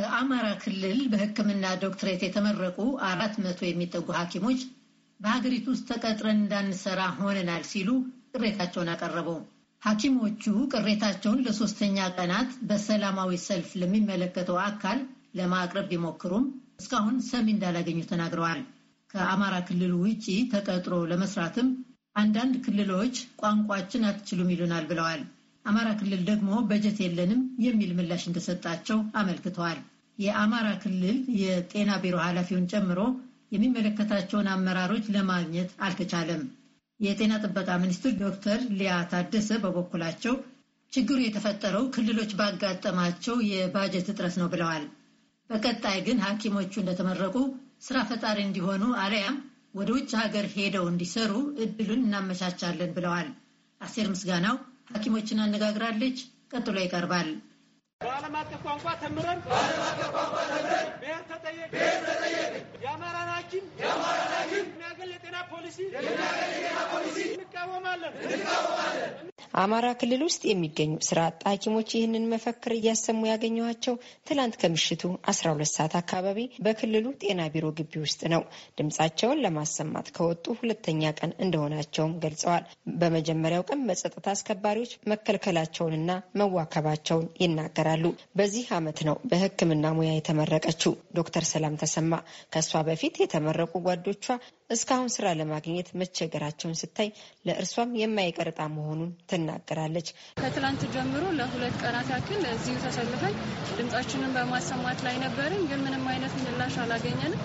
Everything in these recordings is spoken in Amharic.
በአማራ ክልል በሕክምና ዶክትሬት የተመረቁ አራት መቶ የሚጠጉ ሐኪሞች በሀገሪቱ ውስጥ ተቀጥረን እንዳንሰራ ሆነናል ሲሉ ቅሬታቸውን አቀረቡ። ሐኪሞቹ ቅሬታቸውን ለሶስተኛ ቀናት በሰላማዊ ሰልፍ ለሚመለከተው አካል ለማቅረብ ቢሞክሩም እስካሁን ሰሚ እንዳላገኙ ተናግረዋል። ከአማራ ክልል ውጪ ተቀጥሮ ለመስራትም አንዳንድ ክልሎች ቋንቋችን አትችሉም ይሉናል ብለዋል። አማራ ክልል ደግሞ በጀት የለንም የሚል ምላሽ እንደሰጣቸው አመልክተዋል። የአማራ ክልል የጤና ቢሮ ኃላፊውን ጨምሮ የሚመለከታቸውን አመራሮች ለማግኘት አልተቻለም። የጤና ጥበቃ ሚኒስትር ዶክተር ሊያ ታደሰ በበኩላቸው ችግሩ የተፈጠረው ክልሎች ባጋጠማቸው የባጀት እጥረት ነው ብለዋል። በቀጣይ ግን ሐኪሞቹ እንደተመረቁ ስራ ፈጣሪ እንዲሆኑ አለያም ወደ ውጭ ሀገር ሄደው እንዲሰሩ እድሉን እናመቻቻለን ብለዋል። አሴር ምስጋናው ሐኪሞችን አነጋግራለች። ቀጥሎ ይቀርባል። በዓለም አቀፍ ቋንቋ ተምረን በዓለም አቀፍ ቋንቋ ተምረን ብሔር ተጠየቅ ብሔር ተጠየቅ የአማራን ሐኪም የአማራን ሐኪም የሚያገል የጤና ፖሊሲ የሚያገል የጤና ፖሊሲ እንቃወማለን እንቃወማለን። አማራ ክልል ውስጥ የሚገኙ ስራ አጥ ሐኪሞች ይህንን መፈክር እያሰሙ ያገኘኋቸው ትላንት ከምሽቱ 12 ሰዓት አካባቢ በክልሉ ጤና ቢሮ ግቢ ውስጥ ነው። ድምፃቸውን ለማሰማት ከወጡ ሁለተኛ ቀን እንደሆናቸውም ገልጸዋል። በመጀመሪያው ቀን በጸጥታ አስከባሪዎች መከልከላቸውንና መዋከባቸውን ይናገራሉ። በዚህ ዓመት ነው በሕክምና ሙያ የተመረቀችው ዶክተር ሰላም ተሰማ። ከእሷ በፊት የተመረቁ ጓዶቿ እስካሁን ስራ ለማግኘት መቸገራቸውን ስታይ ለእርሷም የማይቀርጣ መሆኑን ትናገራለች። ከትላንት ጀምሮ ለሁለት ቀናት ያክል እዚሁ ተሰልፈን ድምጻችንን በማሰማት ላይ ነበርን፣ ግን ምንም አይነት ምላሽ አላገኘንም።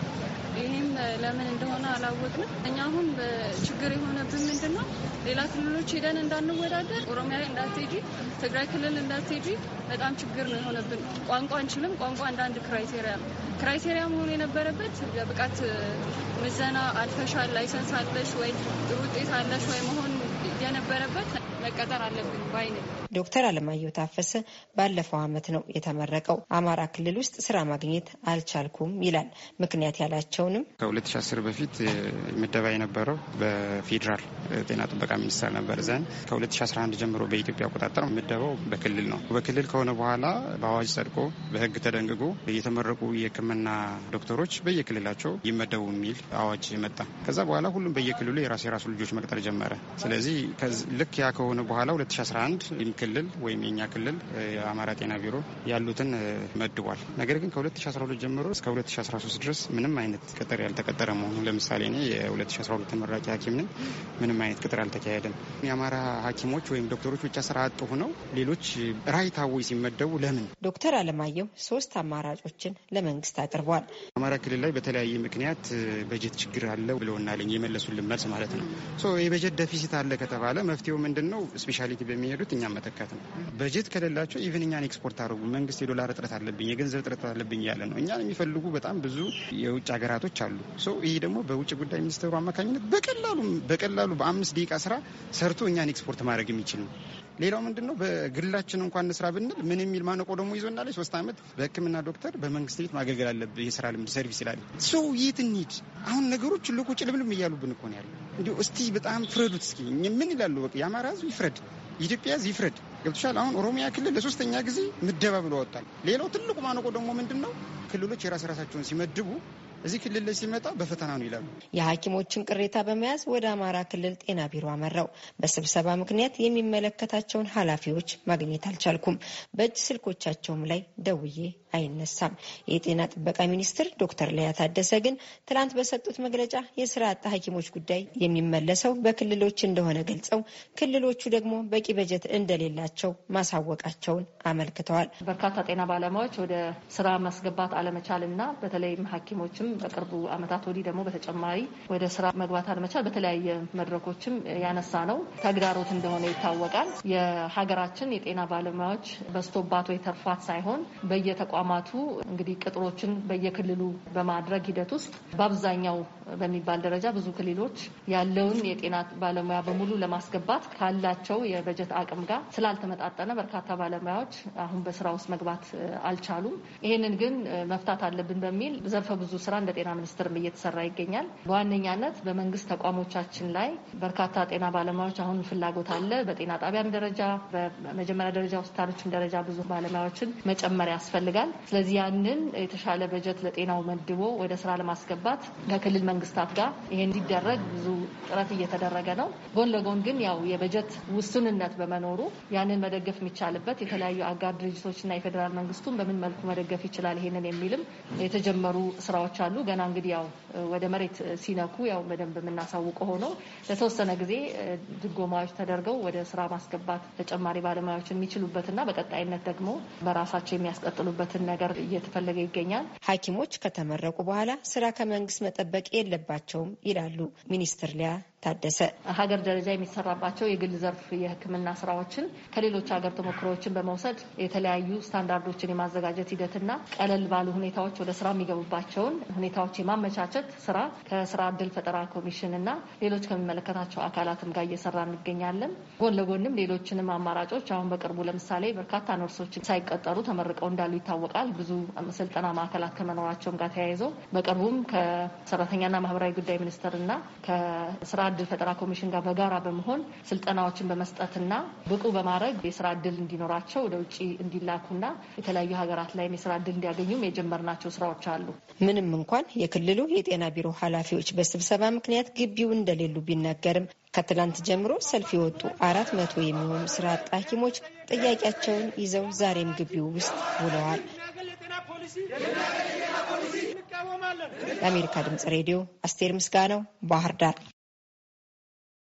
ይህም ለምን እንደሆነ አላወቅንም። እኛ አሁን በችግር የሆነብን ምንድን ነው? ሌላ ክልሎች ሄደን እንዳንወዳደር፣ ኦሮሚያ እንዳትሄጂ፣ ትግራይ ክልል እንዳትሄጂ በጣም ችግር ነው የሆነብን። ቋንቋ አንችልም። ቋንቋ እንዳንድ ክራይቴሪያ ነው። ክራይቴሪያ መሆን የነበረበት የብቃት ምዘና አልፈሻል፣ ላይሰንስ አለሽ ወይ፣ ጥሩ ውጤት አለሽ ወይ መሆን የነበረበት መቀጠር አለብን ባይነኝ ዶክተር አለማየሁ ታፈሰ ባለፈው ዓመት ነው የተመረቀው። አማራ ክልል ውስጥ ስራ ማግኘት አልቻልኩም ይላል። ምክንያት ያላቸውንም ከ2010 በፊት ምደባ የነበረው በፌዴራል ጤና ጥበቃ ሚኒስቴር ነበር። ዘን ከ2011 ጀምሮ በኢትዮጵያ አቆጣጠር ምደባው በክልል ነው። በክልል ከሆነ በኋላ በአዋጅ ጸድቆ በህግ ተደንግጎ የተመረቁ የህክምና ዶክተሮች በየክልላቸው ይመደቡ የሚል አዋጅ መጣ። ከዛ በኋላ ሁሉም በየክልሉ የራሱ የራሱ ልጆች መቅጠር ጀመረ። ስለዚህ ልክ ያ ከሆነ በኋላ 2011 ክልል ወይም የኛ ክልል የአማራ ጤና ቢሮ ያሉትን መድቧል። ነገር ግን ከ2012 ጀምሮ እስከ 2013 ድረስ ምንም አይነት ቅጥር ያልተቀጠረ መሆኑ ለምሳሌ እኔ የ2012 ተመራቂ ሐኪም ነኝ። ምንም አይነት ቅጥር አልተካሄደም። የአማራ ሐኪሞች ወይም ዶክተሮች ብቻ ስራ አጥ ሆነው ሌሎች ራይታዊ ሲመደቡ ለምን? ዶክተር አለማየሁ ሶስት አማራጮችን ለመንግስት አቅርቧል። አማራ ክልል ላይ በተለያየ ምክንያት በጀት ችግር አለ ብለውናለኝ የመለሱልን መልስ ማለት ነው። የበጀት ደፊሲት አለ ከተባለ መፍትሄው ምንድን ነው? ስፔሻሊቲ በሚሄዱት እኛ መተካት ነው። በጀት ከሌላቸው ኢቨን እኛን ኤክስፖርት አድርጉ መንግስት የዶላር እጥረት አለብኝ የገንዘብ እጥረት አለብኝ ያለ ነው። እኛን የሚፈልጉ በጣም ብዙ የውጭ ሀገራቶች አሉ። ይህ ደግሞ በውጭ ጉዳይ ሚኒስትሩ አማካኝነት በቀላሉ በቀላሉ በአምስት ደቂቃ ስራ ሰርቶ እኛን ኤክስፖርት ማድረግ የሚችል ነው። ሌላው ምንድን ነው? በግላችን እንኳን እንስራ ብንል ምን የሚል ማነቆ ደግሞ ይዞና ላይ ሶስት ዓመት በሕክምና ዶክተር በመንግስት ቤት ማገልገል አለብህ የስራ ልምድ ሰርቪስ ይላል። ሰው የት እንሂድ? አሁን ነገሮች ልቁ ጭልምልም እያሉብን እኮ ነው ያለ። እንዲ እስቲ በጣም ፍረዱት እስኪ ምን ይላሉ? በቃ የአማራ ህዝብ ይፍረድ። ኢትዮጵያ ይፍረድ ገብቶሻል። አሁን ኦሮሚያ ክልል ለሶስተኛ ጊዜ ምደባ ብሎ ወጣል። ሌላው ትልቁ ማነቆ ደግሞ ምንድን ነው? ክልሎች የራስ ራሳቸውን ሲመድቡ እዚህ ክልል ላይ ሲመጣ በፈተና ነው ይላሉ። የሐኪሞችን ቅሬታ በመያዝ ወደ አማራ ክልል ጤና ቢሮ አመራው። በስብሰባ ምክንያት የሚመለከታቸውን ኃላፊዎች ማግኘት አልቻልኩም። በእጅ ስልኮቻቸውም ላይ ደውዬ አይነሳም። የጤና ጥበቃ ሚኒስትር ዶክተር ለያ ታደሰ ግን ትናንት በሰጡት መግለጫ የስራ አጣ ሐኪሞች ጉዳይ የሚመለሰው በክልሎች እንደሆነ ገልጸው ክልሎቹ ደግሞ በቂ በጀት እንደሌላቸው ማሳወቃቸውን አመልክተዋል። በርካታ ጤና ባለሙያዎች ወደ ስራ ማስገባት አለመቻልና በተለይም ሐኪሞችም በቅርቡ አመታት ወዲህ ደግሞ በተጨማሪ ወደ ስራ መግባት አለመቻል በተለያየ መድረኮችም ያነሳ ነው ተግዳሮት እንደሆነ ይታወቃል። የሀገራችን የጤና ባለሙያዎች በስቶባት ወይ ሳይሆን በየተቋማቱ እንግዲህ ቅጥሮችን በየክልሉ በማድረግ ሂደት ውስጥ በአብዛኛው በሚባል ደረጃ ብዙ ክልሎች ያለውን የጤና ባለሙያ በሙሉ ለማስገባት ካላቸው የበጀት አቅም ጋር ስላልተመጣጠነ በርካታ ባለሙያዎች አሁን በስራ ውስጥ መግባት አልቻሉም። ይህንን ግን መፍታት አለብን በሚል ዘርፈ ብዙ ስራ እንደ ጤና ሚኒስቴርም እየተሰራ ይገኛል። በዋነኛነት በመንግስት ተቋሞቻችን ላይ በርካታ ጤና ባለሙያዎች አሁን ፍላጎት አለ። በጤና ጣቢያም ደረጃ በመጀመሪያ ደረጃ ሆስፒታሎችም ደረጃ ብዙ ባለሙያዎችን መጨመር ያስፈልጋል። ስለዚህ ያንን የተሻለ በጀት ለጤናው መድቦ ወደ ስራ ለማስገባት ከክልል መንግስታት ጋር ይሄ እንዲደረግ ብዙ ጥረት እየተደረገ ነው። ጎን ለጎን ግን ያው የበጀት ውስንነት በመኖሩ ያንን መደገፍ የሚቻልበት የተለያዩ አጋር ድርጅቶችና የፌዴራል መንግስቱን በምን መልኩ መደገፍ ይችላል ይሄንን የሚልም የተጀመሩ ስራዎች አሉ። ይችላሉ። ገና እንግዲህ ያው ወደ መሬት ሲነኩ ያው በደንብ የምናሳውቀው ሆኖ ለተወሰነ ጊዜ ድጎማዎች ተደርገው ወደ ስራ ማስገባት ተጨማሪ ባለሙያዎች የሚችሉበትና በቀጣይነት ደግሞ በራሳቸው የሚያስቀጥሉበትን ነገር እየተፈለገ ይገኛል። ሐኪሞች ከተመረቁ በኋላ ስራ ከመንግስት መጠበቅ የለባቸውም ይላሉ ሚኒስትር ሊያ ታደሰ ሀገር ደረጃ የሚሰራባቸው የግል ዘርፍ የሕክምና ስራዎችን ከሌሎች ሀገር ተሞክሮዎችን በመውሰድ የተለያዩ ስታንዳርዶችን የማዘጋጀት ሂደትና ቀለል ባሉ ሁኔታዎች ወደ ስራ የሚገቡባቸውን ሁኔታዎች የማመቻቸት ስራ ከስራ እድል ፈጠራ ኮሚሽን እና ሌሎች ከሚመለከታቸው አካላትም ጋር እየሰራ እንገኛለን። ጎን ለጎንም ሌሎችንም አማራጮች አሁን በቅርቡ ለምሳሌ በርካታ ነርሶችን ሳይቀጠሩ ተመርቀው እንዳሉ ይታወቃል። ብዙ ስልጠና ማዕከላት ከመኖራቸውም ጋር ተያይዘው በቅርቡም ከሰራተኛና ማህበራዊ ጉዳይ ሚኒስቴርና ከስራ እድል ፈጠራ ኮሚሽን ጋር በጋራ በመሆን ስልጠናዎችን በመስጠትና ብቁ በማድረግ የስራ እድል እንዲኖራቸው ወደ ውጭ እንዲላኩና የተለያዩ ሀገራት ላይም የስራ እድል እንዲያገኙም የጀመርናቸው ስራዎች አሉ። ምንም እንኳን የክልሉ የጤና ቢሮ ኃላፊዎች በስብሰባ ምክንያት ግቢው እንደሌሉ ቢናገርም ከትላንት ጀምሮ ሰልፍ የወጡ አራት መቶ የሚሆኑ ስራ አጥ ሐኪሞች ጥያቄያቸውን ይዘው ዛሬም ግቢው ውስጥ ውለዋል። ለአሜሪካ ድምጽ ሬዲዮ አስቴር ምስጋናው ባህር ዳር